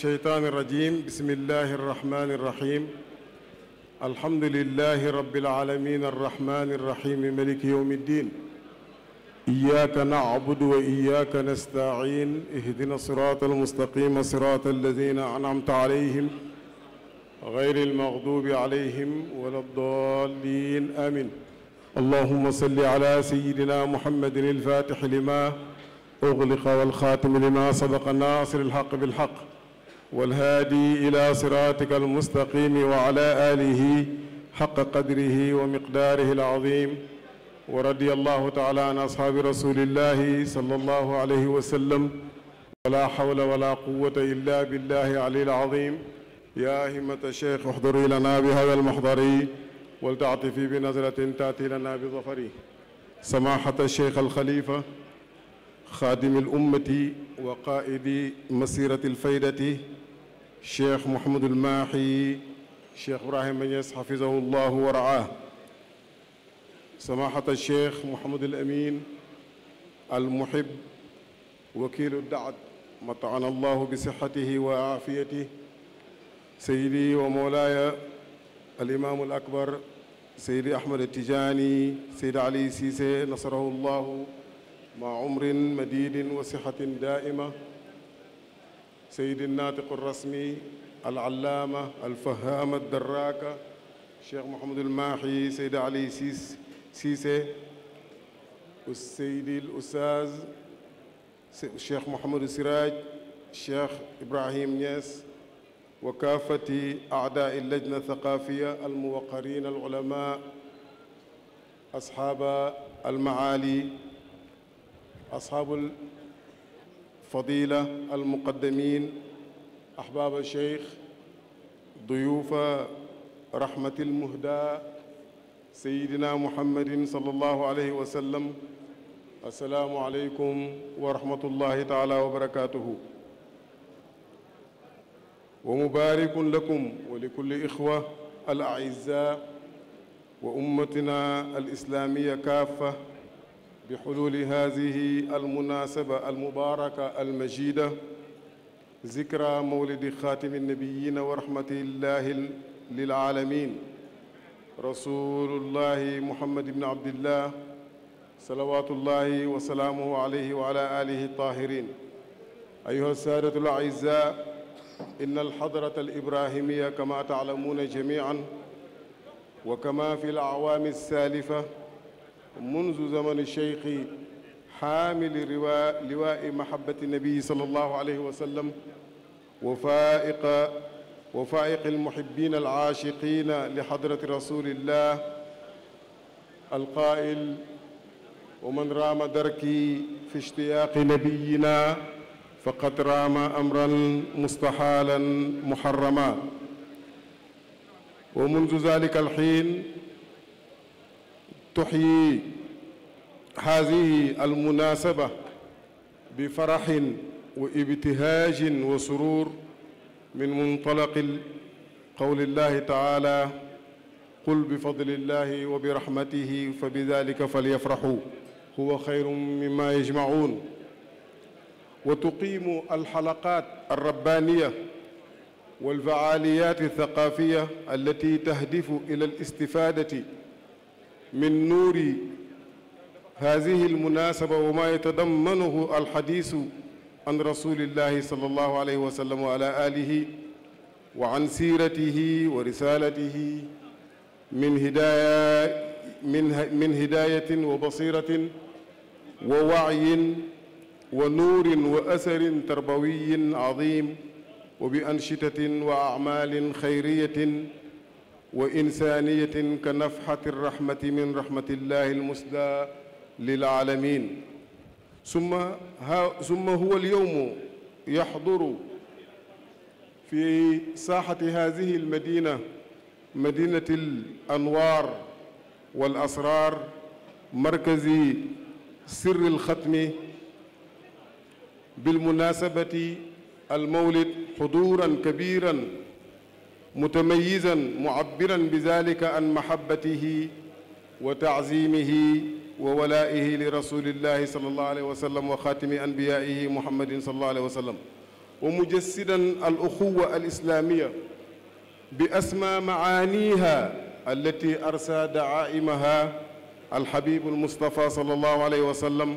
الشيطان الرجيم بسم الله الرحمن الرحيم الحمد لله رب العالمين الرحمن الرحيم ملك يوم الدين إياك نعبد وإياك نستعين اهدنا الصراط المستقيم صراط الذين أنعمت عليهم غير المغضوب عليهم ولا الضالين آمين اللهم صل على سيدنا محمد الفاتح لما أغلق والخاتم لما سبق الناصر الحق بالحق والهادي إلى صراطك المستقيم وعلى آله حق قدره ومقداره العظيم ورضي الله تعالى عن أصحاب رسول الله صلى الله عليه وسلم ولا حول ولا قوة إلا بالله العلي العظيم يا همة الشيخ احضري لنا بهذا المحضر ولتعطفي بنظرة تأتي لنا بظفر سماحة الشيخ الخليفة خادم الأمة وقائد مسيرة الفيدة cheikh Mouhamadul Maahi cheikh Ibrahima Niass xafizahu llahu wa raah samaahata cheikh Mouhamadul Amin al muhib wakiilu daad mataana allahu bi sixatihi wa aafiyatihi sayyidi wa mawlaaya al imaamul akbar sayyidi Ahmad Tijaani sayyid Ali Cissé nasarahu llahu maa umrin madiidin wa sixatin daaima سيد الناطق الرسمي العلامة الفهام الدراكة الشيخ محمد الماحي سيد علي سيس سيسي السيد الأستاذ الشيخ محمد السراج الشيخ إبراهيم نياس وكافة أعداء اللجنة الثقافية الموقرين العلماء أصحاب المعالي أصحاب fadila almuqaddamin ahbaba cheikh duyuufa rahmatil muhda sayidina muhammadin sallallahu alayhi wa sallam assalaamu aleykum wa rahmatullahi taala wa barakatuhu wa mubarikun lakum wa likulli ixwa al aizza wa ummatina al islamiya kaafa بحلول هذه المناسبة المباركة المجيدة ذكرى مولد خاتم النبيين ورحمة الله للعالمين رسول الله محمد بن عبد الله صلوات الله وسلامه عليه وعلى آله الطاهرين أيها السادة الأعزاء إن الحضرة الإبراهيمية كما تعلمون جميعا وكما في الأعوام السالفة منذ زمن الشيخ حامل رواء لواء محبة النبي صلى الله عليه وسلم وفائق وفائق المحبين العاشقين لحضرة رسول الله القائل ومن رام دركي في اشتياق نبينا فقد رام أمرا مستحالا محرما ومنذ ذلك الحين تحيي هذه المناسبة بفرح وابتهاج وسرور من منطلق قول الله تعالى قل بفضل الله وبرحمته فبذلك فليفرحوا هو خير مما يجمعون وتقيم الحلقات الربانية والفعاليات الثقافية التي تهدف إلى الاستفادة من نور هذه المناسبة وما يتضمنه الحديث عن رسول الله صلى الله عليه وسلم وعلى آله وعن سيرته ورسالته من هداية من من هداية وبصيرة ووعي ونور وأثر تربوي عظيم وبأنشطة وأعمال خيرية wa insaniyatin ka nafxati rahmati min rahmatillahi almusda lilaalamin summa ha summa huwa alyawmu yaxduru fi saaxati hadihi almadina madinati alanwaar walasrar markazi sirri alxatmi bilmunasabati almawlid xuduran kabiran متميزا معبرا بذلك عن محبته وتعظيمه وولائه لرسول الله صلى الله عليه وسلم وخاتم أنبيائه محمد صلى الله عليه وسلم ومجسدا الأخوة الإسلامية بأسمى معانيها التي أرسى دعائمها الحبيب المصطفى صلى الله عليه وسلم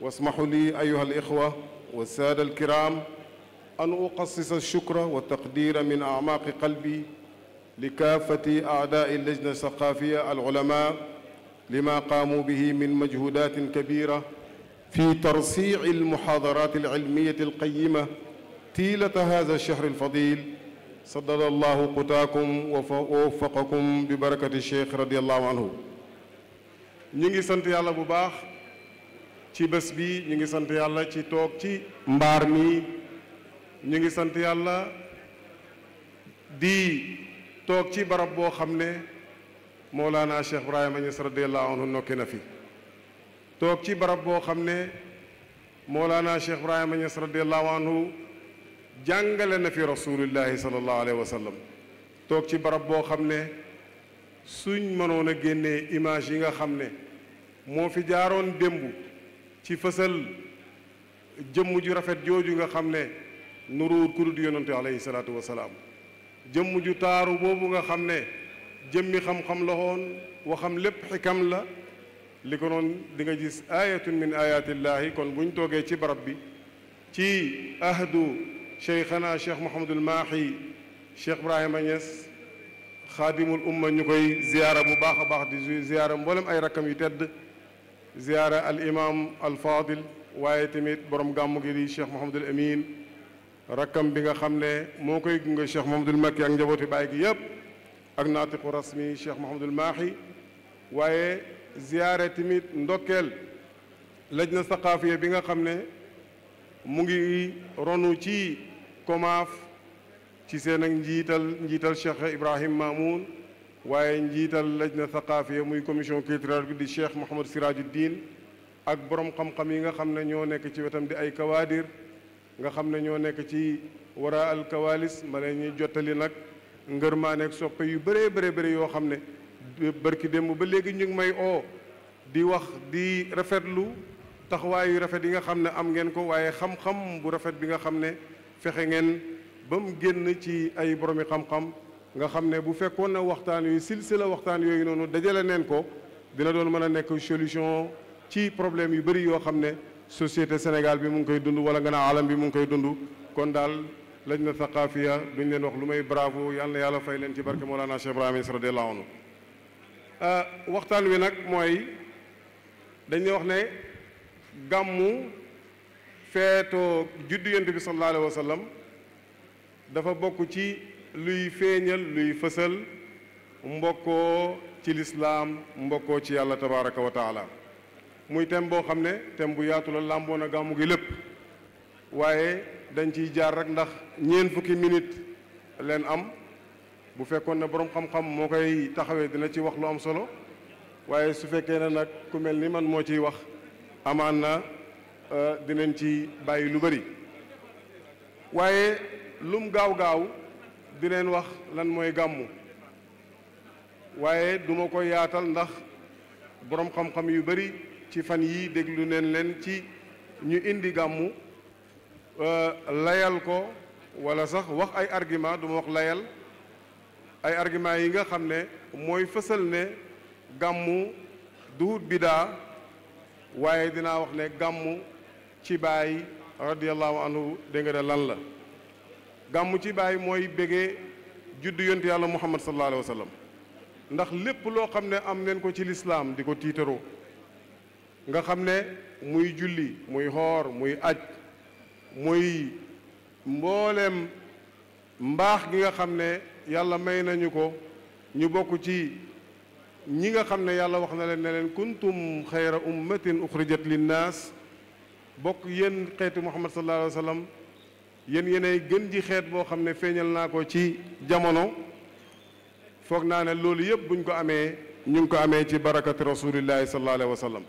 واسمحوا لي أيها الإخوة والسادة الكرام أن أقصص الشكر والتقدير من أعماق قلبي لكافة أعداء اللجنة الثقافية العلماء لما قاموا به من مجهودات كبيرة في ترصيع المحاضرات العلمية القيمة طيلة هذا الشهر الفضيل سدد الله قتاكم ووفقكم ببركة الشيخ رضي الله عنه ñu ngi sant yàlla bu baax ci bés bi ñu ngi sant yàlla ci toog ci mbaar mi ñu ngi sant yàlla di toog ci barab boo xam ne Mawlana Cheikh Ibrahima Niass radiyallahu anhu nokki na fi toog ci barab boo xam ne moo Mawlana Cheikh Ibrahima Niass radiyallahu anhu jàngale na fi rasulillahi sallallahu alayhi wa sallam toog ci barab boo xam ne suñ mënoon a génnee image yi nga xam ne moo fi jaaroon démb ci fësal jëmm ju rafet jooju nga xam ne nuruwut ku dul yonante alayhi salaatu wasalaam jëmm ju taaru boobu nga xam ne jëmmi xam-xam la xam waxam lépp xikam la li ko noon di nga gis ayatun min ayatillahi kon buñ toogee ci barab bi ci ahdu cheikhana cheikh Mouhamadul Maahi cheikh Ibrahima Niass xaadimul umma ñu koy ziyaara mu baax a baax di ziyaara mboolem ay rakkam yu tedd ziyaara al imam al fadil waaye tamit borom gàmmu gi di cheikh Mouhamadul Amin rakkam bi nga xam ne moo koy gunge Cheikh Mouhamadoul Macky ak njabooti baay gi yëpp ak naatiqu rasmi Cheikh Mouhamadoul Mahi waaye ziyaare tamit ndokkeel lajna saqaafiya bi nga xam ne mu ngi ronu ci komaaf ci seen ak njiital njiital Cheikh Ibrahim Mamoun waaye njiital lajna saqaafiya muy commission culturelle bi di Cheikh Mouhamad Siraju Diin ak borom xam-xam yi nga xam ne ñoo nekk ci wetam di ay kawaadir nga xam ne ñoo nekk ci wara alkawalis ma leen ñuy jottali nag ngërmaaneeg soppe yu bëree bëri bëri yoo xam ne bërki démb ba léegi ñu ngi may oo di wax di rafetlu yu rafet yi nga xam ne am ngeen ko waaye xam-xam bu rafet bi nga xam ne fexe ngeen ba mu génn ci ay boromi xam-xam nga xam ne bu fekkoon na waxtaan yu silsila waxtaan yooyu noonu dajale neen ko dina doon mën a nekk solution ci problème yu bëri yoo xam ne société Sénégal bi mu ngi koy dund wala gën a alam bi mu ngi koy dund kon daal lañ na thaqaafiya duñ leen wax lu may bravo yal yàlla fay leen ci barke Mawlana Cheikh Ibrahima Niass radiyallahu anhu euh, waxtaan wi nag mooy dañuy wax ne gàmmu feetoo juddu yonent bi sallallahu alayhi wa sallam dafa bokk ci luy feeñal luy fësal mbokkoo ci lislaam mbokkoo ci yàlla tabaraka wa taala muy thème boo xam ne thème bu yaatu la làmboo na gàmmu gi lépp waaye dañ ciy jaar rek ndax ñeent fukki minit leen am bu fekkoon ne boroom xam-xam moo koy taxawee dina ci wax lu am solo waaye su fekkee ne nag ku mel ni man moo ciy wax amaan na euh, dinañ ci bàyyi lu bari waaye lum gaaw-gaaw di wax lan mooy gàmmu waaye duma ko yaatal ndax boroom xam-xam yu bari ci fan yii déglu neen leen ci ñu indi gàmmu euh, layal ko wala sax wax ay argument du wax layal ay argument yi nga xam ne mooy fësal ne gàmmu duhut bidaa waaye dinaa wax ne gàmmu ci baay radiallahu anhu dégg nga lan la gàmmu ci baay mooy bégee juddu yontu yàlla muhammad sallallahu alayhi ndax lépp loo xam ne am neen ko ci lislaam di ko tiitaroo nga xam ne muy julli muy xoor muy aj muy mboolem mbaax gi nga xam ne yàlla may nañu ko ñu bokk ci ñi nga xam ne yàlla wax na leen ne leen kuntum xayra ummatin uxrijat linnaas bokk yéen xeetu muhammad sallallahu alayhi wa sallam yéen gën ji xeet boo xam ne feeñal naa ko ci jamono foog naa ne loolu yëpp buñ ko amee ñu ngi ko amee ci barakati rasulillahi sallallahu alayhi wa sallam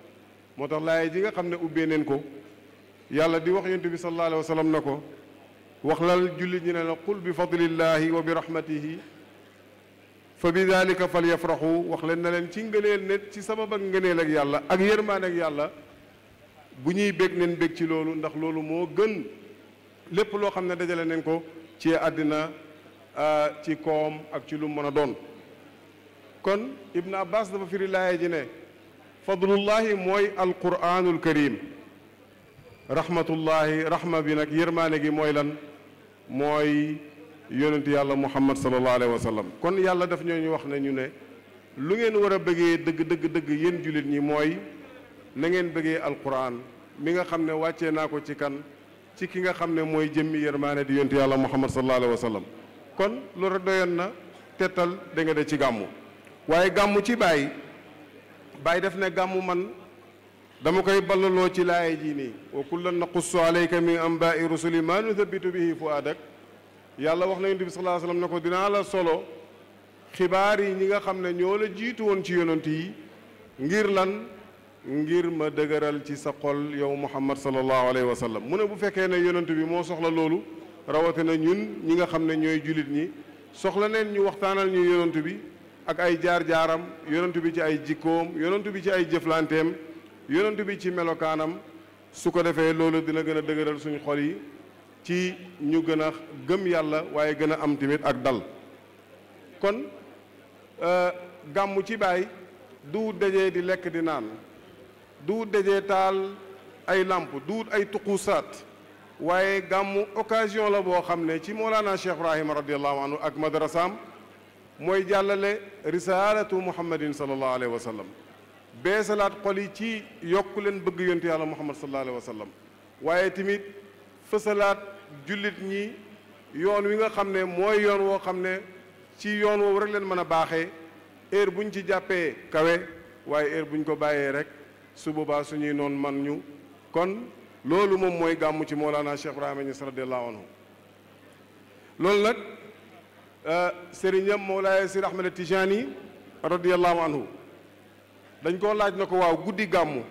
moo tax laay ji nga xam ne ubbee neen ko yàlla di wax yonent bi sallallahu alayhi wa sallam na ko wax la jullit ñi ne la qul bi fadlillahi wa bi rahmatihi fa bi dalika fal yafraxu wax leen na leen ci ngëneel ne ci sabab ak ngëneel ak yàlla ak yërmaan ak yàlla bu ñuy bég neen bég ci loolu ndax loolu moo gën lépp loo xam ne dajale neen ko ci àddina ci koom ak ci lu mën a doon kon Ibn Abbas dafa firi laaya ji ne fadlullahi mooy alquranul karim rahmatullahi rahma bi nag yërmaane gi mooy lan mooy yonent yàlla muhammad salallahu alayhi wa sallam kon yàlla daf ñoo wax nañu ne lu ngeen war a bëggee dëgg dëgg dëgg yéen jullit ñi mooy na ngeen bëggee alquran mi nga xam ne wàcce naa ko ci kan ci ki nga xam ne mooy jëmmi yërmaane di yonent yàlla muhammad salallahu alayhi wa sallam kon loolu doyoon na tettal danga nga de ci gàmmu waaye gàmmu ci bàyyi bàyyi def ne gàmmu man dama koy ballaloo ci laaya ji nii wa kullan naqussu alayka min anbaai rusuli maa nuthabitu bihi fuadak yàlla wax na yonent bi sallallahu ko dinaa la solo xibaar yi ñi nga xam ne ñoo la jiitu woon ci yonent yi ngir lan ngir ma dëgëral ci sa xol yow muhammad sallallahu alayhi wa sallam mu ne bu fekkee ne yonent bi moo soxla loolu rawatina ñun ñi nga xam ne ñooy jullit ñi soxla neen ñu waxtaanal ñu yonent bi ak ay jaar-jaaram yonentu bi ci ay jikkoom yonentu bi ci ay jëflanteem yonentu bi ci melokaanam su ko defee loolu dina gën a dëgëral suñu xol yi ci ñu gën a gëm yàlla waaye gën a am tamit ak dal kon euh, gàmmu ci baay du dajee di lekk di naan du dajee taal ay làmp du ay tuqusaat waaye gàmmu occasion la boo xam ne ci Mawlana Cheikh Ibrahima radiallahu anhu ak madrasaam mooy jàllale risaalatu muhammadin sallallahu alayhi wa sallam salaat xol yi ci yokk leen bëgg yontu yàlla muhammad sallallahu alayhi wa waaye tamit fësalaat jullit ñi yoon wi nga xam ne mooy yoon woo xam ne ci yoon woowu rek leen mën a baaxee heure buñ ci jàppee kawe waaye heure buñ ko bàyyee rek su boobaa suñuy noon man ñu kon loolu moom mooy gàmmu ci Mawlana Cheikh Ibrahima Niass radiyallahu anhu loolu nag sëriñam Mawlaaya Sir Ahmed Tijaani radiyallahu anhu dañ koo laaj na ko waaw guddi gàmmu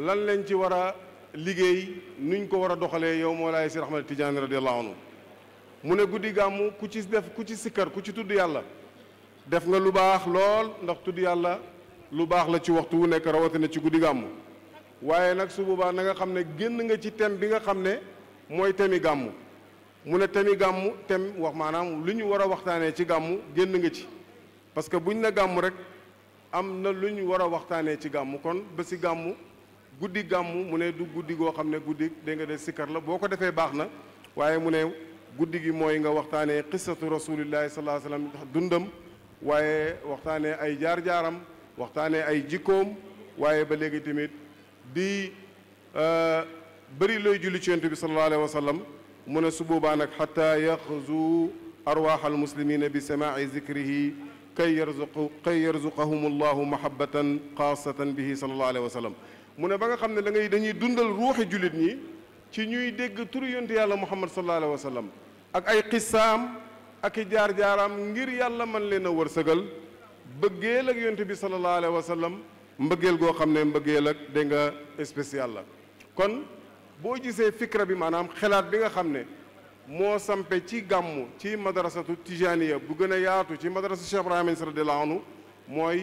lan lañ ci war a liggéey nuñ ko war a doxalee yow Mawlaaya Sir Ahmed Tijaani radiyallahu anhu mu ne guddi gàmmu ku ci def ku ci sikkar ku ci tudd yàlla def nga lu baax lool ndax tudd yàlla lu baax la ci waxtu wu nekk rawatina ci guddi gàmmu waaye nag su boobaa na nga xam ne génn nga ci thème bi nga xam ne mooy temi gàmmu mu ne temi gàmmu tem wax maanaam lu ñu war a waxtaanee ci gàmmu génn nga ci parce que buñ ne gàmmu rek am na lu ñu war a waxtaanee ci gàmmu kon ba si gàmmu guddi gàmmu mu ne du guddi goo xam ne guddi dégg nga de sikkar la boo ko defee baax na waaye mu ne guddi gi mooy nga waxtaanee qissatu rasulillahi sallallahu alayhi wasallam dundam waaye waxtaanee ay jaar-jaaram waxtaanee ay jikkoom waaye ba léegi tamit di euh, bëri looy julli ci yonent bi sallallahu alayhi wasallam mu ne su boobaa nag xata yaxzu arwaax almuslimina bi samaai zikrihi kay yarzuqu kay yarzuqahum allahu mahabatan xaasatan bihi salallahu alayhi wa sallam mu ne ba nga xam ne dangay dañuy dundal ruuxi jullit ñi ci ñuy dégg turu yonte yàlla muhammad salallahu alayhi wa ak ay xisaam ak i jaar-jaaraam ngir yàlla man leen a wërsëgal bëggeel ak yonte bi salallahu alayhi wa sallam mbëggeel goo xam ne mbëggeel ak dégg nga spécial la boo gisee fikra bi maanaam xelaat bi nga xam ne moo sampe ci gàmmu ci madrasatu tijaniya bu gën a yaatu ci madrasatu Cheikh Ibrahima radiyallahu anhu mooy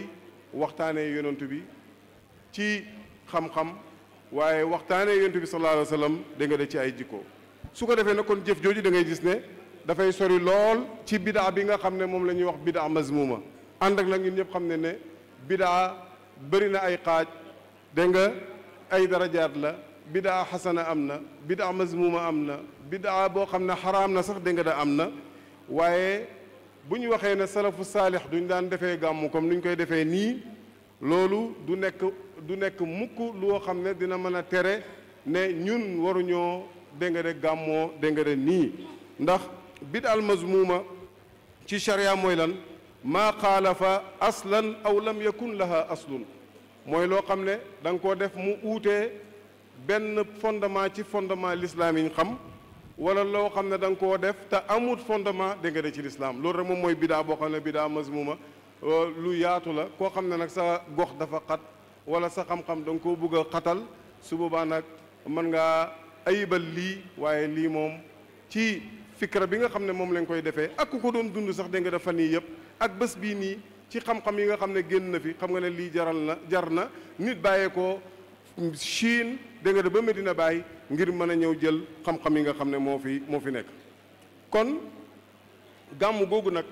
waxtaanee yonent bi ci xam-xam waaye waxtaanee yonent bi sallallahu alayhi wa nga de ci ay jikko su ko defee ne kon jëf jooju da ngay gis ne dafay sori lool ci bidaa bi nga xam ne moom la ñuy wax bidaa mazmuma ànd ak nag ñun ñëpp xam ne ne bidaa bëri na ay xaaj dégg nga ay darajaat la bidaa xasana am na bidaa mazmuma am na bidaa boo xam ne xaraam na sax dégg nga am na waaye bu ñu waxee ne salafu saalix duñ daan defee gàmmu comme nuñ koy defee nii loolu du nekk du nekk mukk loo xam ne dina mën a tere ne ñun waruñoo dégg gàmmoo dégg nii ndax bidaal mazmuma ci charia mooy lan maa fa aslan aw lam yakun laha aslun mooy loo xam ne da nga def mu uutee benn fondement ci fondement l'islam yi ñu xam wala loo xam ne danga ko def te amut fondement dégg nga de ci l'islam loolu rek moom mooy bidaa boo xam ne bidaa masmuma euh, lu yaatu la koo xam ne nag sa gox dafa xat wala sa xam-xam da nga koo bëgg xatal su boobaa nag mën ngaa ayibal lii waaye lii moom ci fikra bi nga xam ne moom lañ koy defee ak ku ko doon dund sax dégg nga dafa nii yëpp ak bés bii nii ci xam-xam yi nga xam ne génn na fi xam nga ne lii jaral na jar na nit bàyyee ko Chine dégg nga ba Medina bàyyi ngir mën a ñëw jël xam-xam yi nga xam ne moo fi moo fi nekk kon gàmm googu nag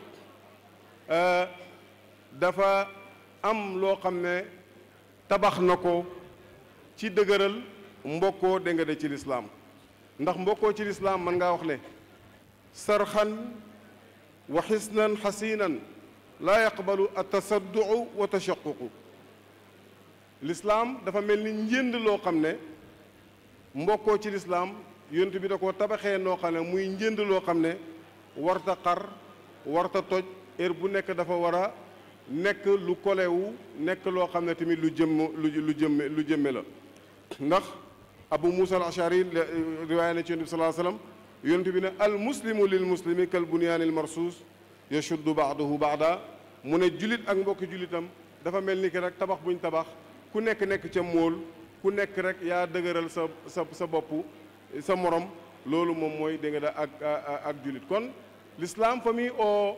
euh, dafa am loo xam ne tabax na ko ci dëgëral mbokkoo dégg nga de ci lislaam ndax mbokkoo ci lislaam mën ngaa wax ne sarxan wa xisnan xasinan laa yaqbalu atasaddu'u wa tashaququ lislaam dafa mel ni njënd loo xam ne mbokkoo ci lislaam yonent bi da ko tabaxee noo xam ne muy njënd loo xam ne warta xar warta toj heure bu nekk dafa war a nekk lu kolewu nekk loo xam ne tamit lu jëmm lu jëmme lu jëmme la ndax abu muusa al ashari riwaaya na ci yont bi salaa sallam yonent bi ne al muslimu lil muslimi kal bunyaanil marsuus yashuddu baax daa mu ne jullit ak mbokki jullitam dafa mel ni ki rek tabax buñ tabax ku nekk nekk ca móol ku nekk rek yaa dëgëral sa sa sa bopp sa morom loolu moom mooy dégg nga ak ak jullit kon l'islam fa muy oo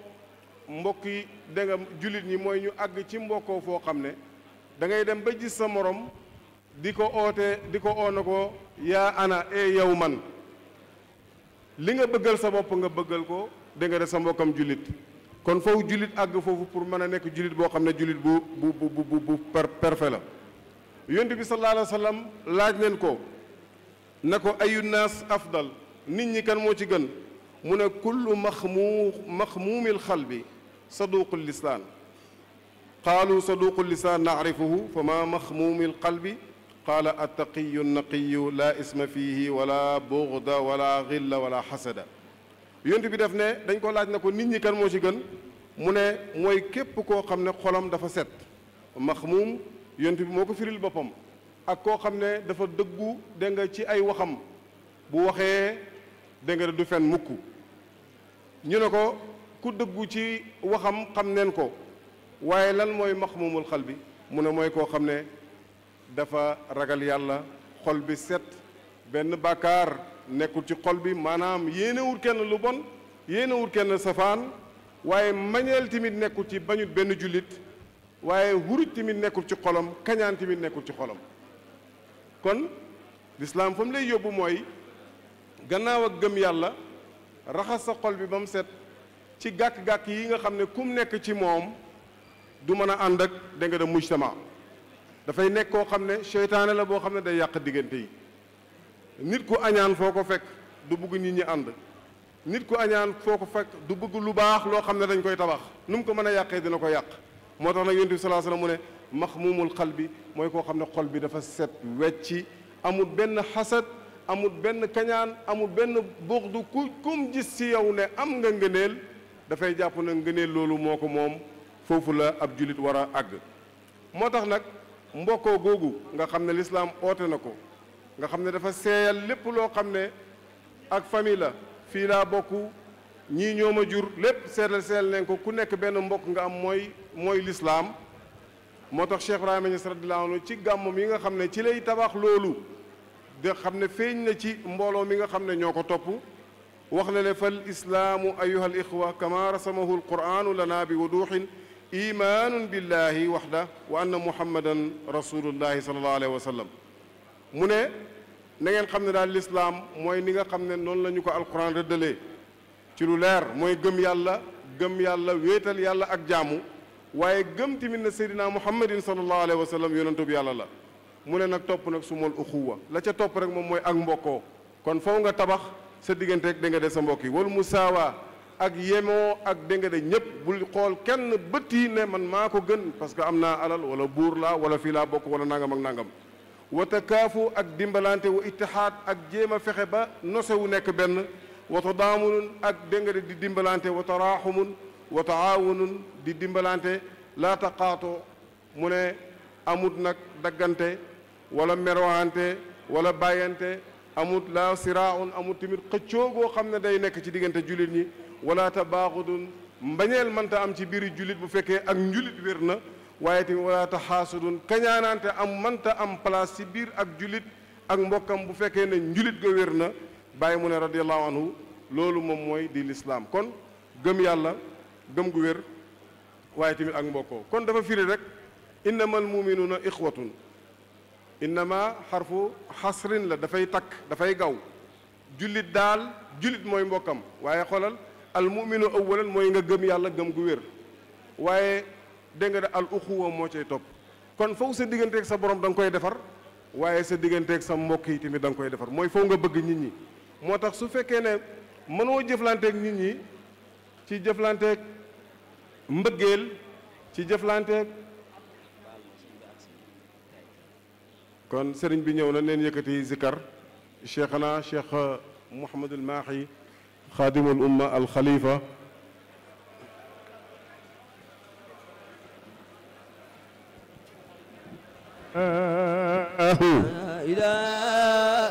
mbokk yi dégg nga jullit ñi mooy ñu àgg ci mbokkoo foo xam ne da ngay dem ba gis sa morom di ko ootee di ko oo ko yaa ana e yow man li nga bëggal sa bopp nga bëggal ko dégg de sa mbokkam jullit kon foofu jullit àgg foofu pour mën a nekk jullit boo xam ne jullit bu bu bu bu bu per perfe la yonent bi sallallahu alayhi wa sallam laaj leen ko ne ko ayu naas afdal nit ñi kan moo ci gën mu ne kullu maxmuu maxmuumil xalbi saduqu lisaan qaalu saduqu lisaan naarifuhu fa ma maxmuumil qalbi qaala attaqiyu naqiyu laa isma fiihi wala buxda wala xilla wala xasada yonent bi def ne dañ ko laaj na ko nit ñi kan moo ci gën mu ne mooy képp koo xam ne xolam dafa set maxmuum yont bi moo ko firil boppam ak koo xam ne dafa dëggu dégg nga ci ay waxam bu waxee dégg nga du fen mukk ñu ne ko ku dëggu ci waxam xam nen ko waaye lan mooy maxmumul xal bi mu ne mooy koo xam ne dafa ragal yàlla xol bi set benn bàkkaar nekkul ci xol bi maanaam yéenewul kenn lu bon yéenewul kenn safaan waaye mañeel timit nekkul ci bañut benn jullit waaye wuruj tamit nekkul ci xolam kañaan tamit nekkul ci xolam kon lislaam fa mu lay yóbbu mooy gannaaw ak gëm yàlla raxas sa xol bi ba mu set ci gàkk-gàkk yi nga xam ne ku mu nekk ci moom du mën a ànd ak da nga da mujtama dafay nekk koo xam ne seytaane la boo xam ne day yàq diggante yi nit ku añaan foo ko fekk du bëgg nit ñi ànd nit ku añaan foo ko fekk du bëgg lu baax loo xam ne dañ koy tabax nu mu ko mën a yàqee dina ko yàq moo tax nag yonent bi salaa salaam mu ne maxmuumul xal bi mooy koo xam ne xol bi dafa set wecci amul benn xasad amul benn kañaan amul benn buux du ku kum gis si yow ne am nga ngëneel dafay jàpp na ngëneel loolu moo ko moom foofu la ab jullit wara a àgg moo tax nag mbokkoo googu nga xam ne lislaam oote na ko nga xam ne dafa seeyal lépp loo xam ne ak famille la fii laa bokk ñii ñoo ma jur lépp seetal seetal nañ ko ku nekk benn mbokk nga am mooy mooy lislaam moo tax Cheikh Ibrahima Niass radiyallahu anhu ci gàmm mi nga xam ne ci lay tabax loolu de xam ne feeñ na ci mbooloo mi nga xam ne ñoo ko topp wax na ne fal islaamu ayuha al ixwa kama rasamahu al quranu lana bi wuduxin imaanun wax da wa anna muhammadan rasulullahi salallahu alayhi wa sallam mu ne na ngeen xam ne daal lislaam mooy ni nga xam ne noonu la ko alquran rëddalee ci lu leer mooy gëm yàlla gëm yàlla wéetal yàlla ak jaamu waaye gëm tamit na seydinaa muhammadin sallallahu alayhi wa sallam yonentub yàlla la mu ne nag topp nag su mal uxuwa la ca topp rek moom mooy ak mbokkoo kon faw nga tabax sa diggante ak dégg sa mbokk yi wal musaawa ak yemoo ak dégg nga de ñëpp bul xool kenn bët yi ne man maa ko gën parce que am naa alal wala buur laa wala fii laa bokk wala nangam ak nangam wa ak dimbalante wa ittihaad a fexe wa tadaamunun ak dégg di dimbalante wa taraaxumun wa taawunun di dimbalante laa taqaatoo mu ne amut nag daggante wala merwaante wala bàyyante amut laa siraaun amut tamit xëccoo goo xam ne day nekk ci diggante jullit ñi wala tabaaxudun mbañeel mënta am ci biiri jullit bu fekkee ak njulit wér na waaye tamit wala taxaasudun kañaanaante am manta am place ci biir ak jullit ak mbokkam bu fekkee ne njulit ga wér na bàyyi mu ne radiallahu loolu moom mooy di lislaam kon gëm yàlla gëm gu wér waaye tamit ak mbokkoo kon dafa firi rek innama al muminuuna ixwatun innama xarfu xasrin la dafay takk dafay gaw jullit daal jullit mooy mbokkam waaye xoolal al muminu awalan mooy nga gëm yàlla gëm gu wér waaye dégg nga de al uxuwa moo cay topp kon foofu sa digganteeg sa borom da nga koy defar waaye sa digganteeg sa mbokk yi tamit da koy defar mooy foofu nga bëgg nit ñi moo tax su fekkee ne mënoo jëflanteeg nit ñi ci jëflanteeg mbëggeel ci jëflanteeg kon sëriñ bi ñëw na neen yëkkati zikar cheikhana cheikh mouhamadul maahi xaadimul umma al xalifa ah, ah, ah.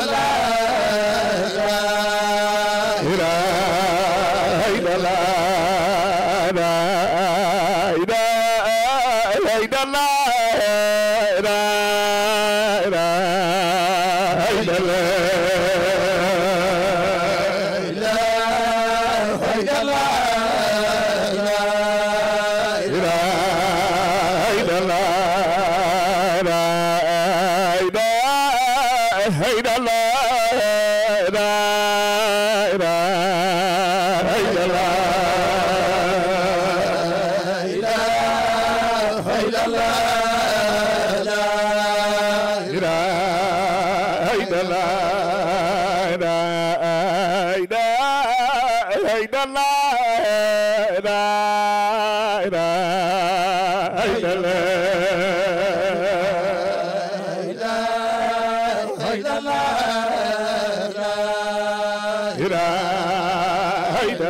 illallah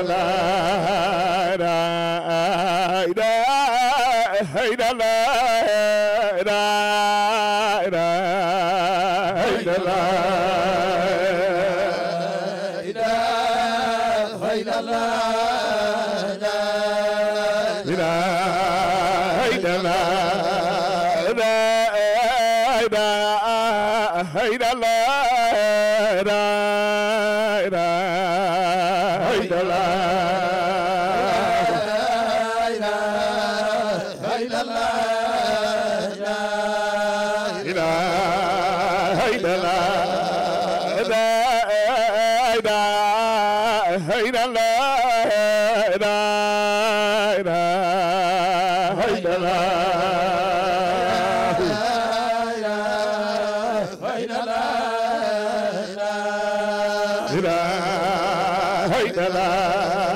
la la la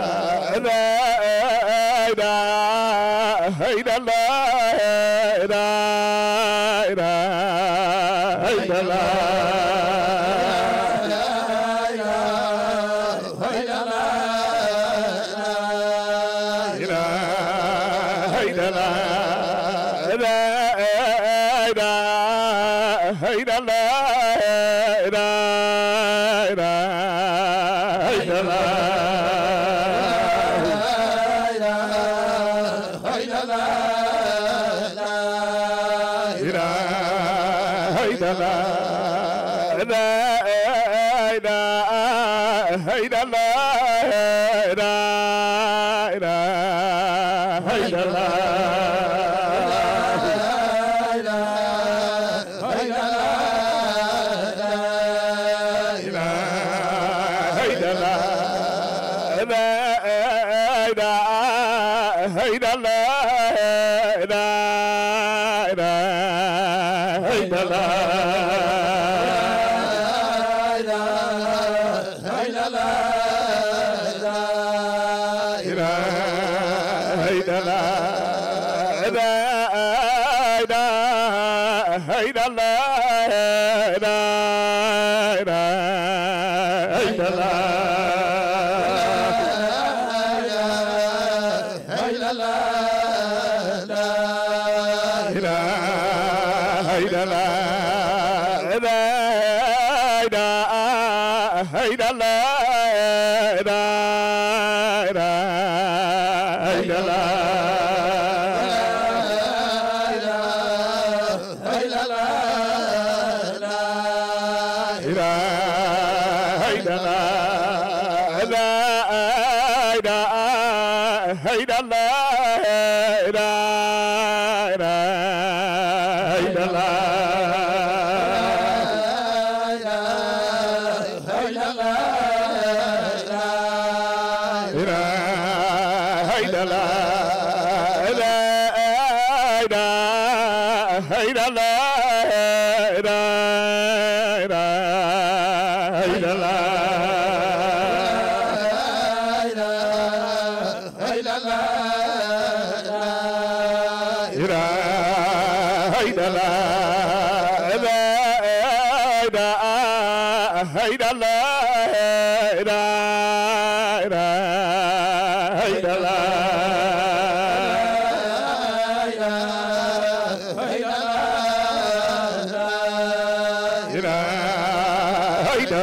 la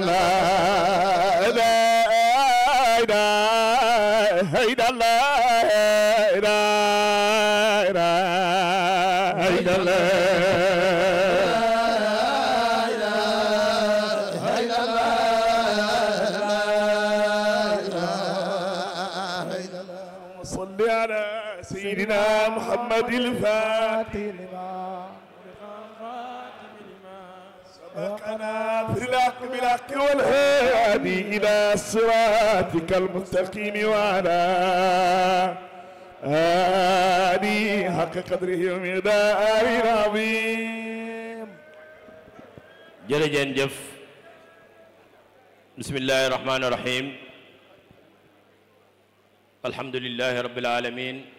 la la la والهادي إلى صراطك المستقيم وعلى آله حق قدره ومقداره العظيم jërëjëf jëf bismillaahi rahmaani rahiim alhamdulillaahi rabbil aalamiin